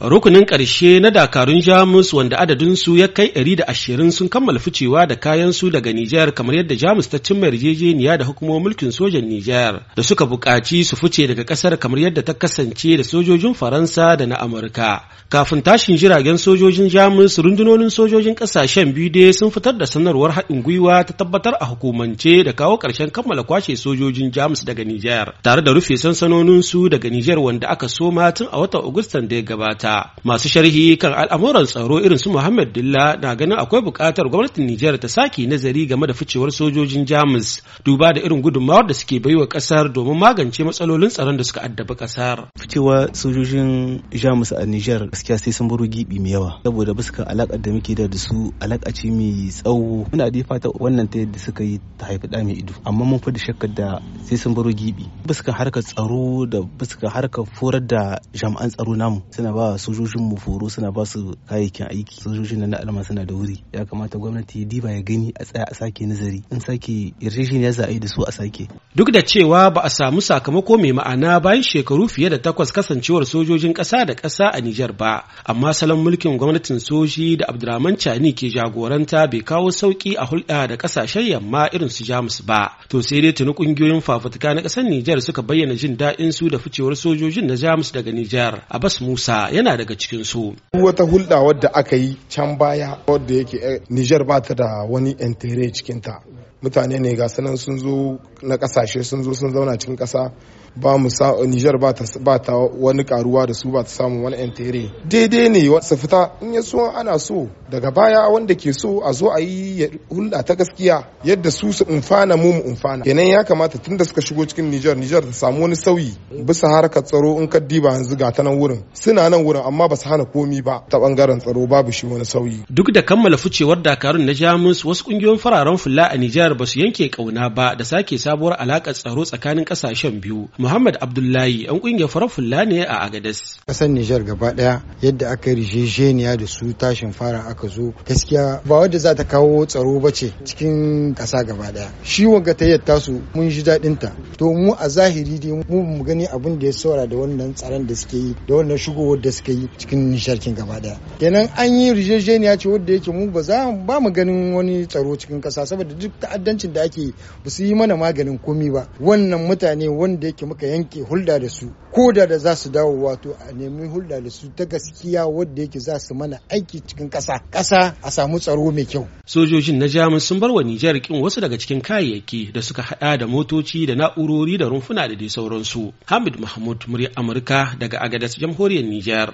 Rukunin ƙarshe na dakarun Jamus wanda adadinsu ya kai ɗari da ashirin sun kammala ficewa da kayansu daga Nijar kamar yadda Jamus ta cimma yarjejeniya da hukumomin mulkin sojan Nijar da suka buƙaci su fice daga ƙasar kamar yadda ta kasance da sojojin Faransa da na Amurka. Kafin tashin jiragen sojojin Jamus rundunonin sojojin ƙasashen biyu dai sun fitar da sanarwar haɗin gwiwa ta tabbatar a hukumance da kawo ƙarshen kammala kwashe sojojin Jamus daga Nijar tare da rufe sansanoninsu daga Nijar wanda aka soma tun a watan Agustan da ya gabata. Afirka. Masu sharhi kan al'amuran tsaro irin su Muhammad Dilla na ganin akwai buƙatar gwamnatin Nijar ta sake nazari game da ficewar sojojin Jamus duba da irin gudunmawar da suke baiwa ƙasar domin magance matsalolin tsaron da suka addabi ƙasar. Ficewa sojojin Jamus a Nijar gaskiya sai sun buru gibi mai yawa saboda su kan alaƙa da muke da su alaƙa ce mai tsawo muna da fata wannan ta yadda suka yi ta haifi da mai ido amma mun fi da shakkar da sai sun buru gibi bisa harkar tsaro da ba bisa harkar forar da jami'an tsaro namu suna ba sojojin mu foro suna ba su kayayyakin aiki sojojin nan na alama suna da wuri ya kamata gwamnati ya diba ya gani a tsaya a sake nazari in sake yarjejeniya za a yi da su a sake duk da cewa ba a samu sakamako mai ma'ana bayan shekaru fiye da takwas kasancewar sojojin ƙasa da ƙasa a Nijar ba amma salon mulkin gwamnatin soji da Abdurahman Chani ke jagoranta bai kawo sauki a hulɗa da ƙasashen yamma irin su Jamus ba to sai dai tuni ƙungiyoyin fafutuka na ƙasar Nijar suka bayyana jin daɗin su da ficewar sojojin na Jamus daga Nijar Abbas Musa yana yana daga cikin su wata hulɗa wadda aka yi can baya wadda yake eh, Niger ba ta da wani intere cikinta. mutane ne ga sanan sun zo na kasashe sun zo sun zauna cikin kasa ba mu Nijar ba ta wani karuwa da su ba ta samu wani yan daidai ne su fita in ya so ana so daga baya wanda ke so a zo a yi hulɗa ta gaskiya yadda su su umfana mu mu umfana kenan ya kamata tun da suka shigo cikin Niger. Niger ta samu wani sauyi bisa harkar tsaro in ka diba yanzu ga ta nan wurin suna nan wurin amma ba su hana komi ba ta bangaren tsaro babu shi wani sauyi duk da kammala ficewar dakarun na Jamus wasu kungiyoyin fararen fulla a Niger. Qatar ba su yanke kauna ba da sake sabuwar alakar tsaro tsakanin kasashen biyu. Muhammad Abdullahi an kungiyar farar Fulani a Agadez. Kasar Nijar gaba daya yadda aka rijejeniya da su tashin fara aka zo gaskiya ba wadda za ta kawo tsaro ba ce cikin kasa gaba daya. Shi wanga yadda tasu mun ji daɗin ta. To mu a zahiri dai mu mu gani abin da ya saura da wannan tsaron da suke yi da wannan shigowar da suke yi cikin kin gaba daya. Kenan an yi rijejeniya ce wadda yake mu ba za mu ganin wani tsaro cikin ƙasa saboda duk ta ta'addancin da ake ba su yi mana maganin komi ba wannan mutane wanda yake muka yanke hulɗa da su ko da da za su dawo wato a nemi hulɗa da su ta gaskiya wanda yake za su mana aiki cikin ƙasa ƙasa a samu tsaro mai kyau sojojin na jamus sun bar wa nijar kin wasu daga cikin kayayyaki da suka hada da motoci da na'urori da rumfuna da dai sauransu hamid mahmud murya amurka daga agadas jamhuriyar nijar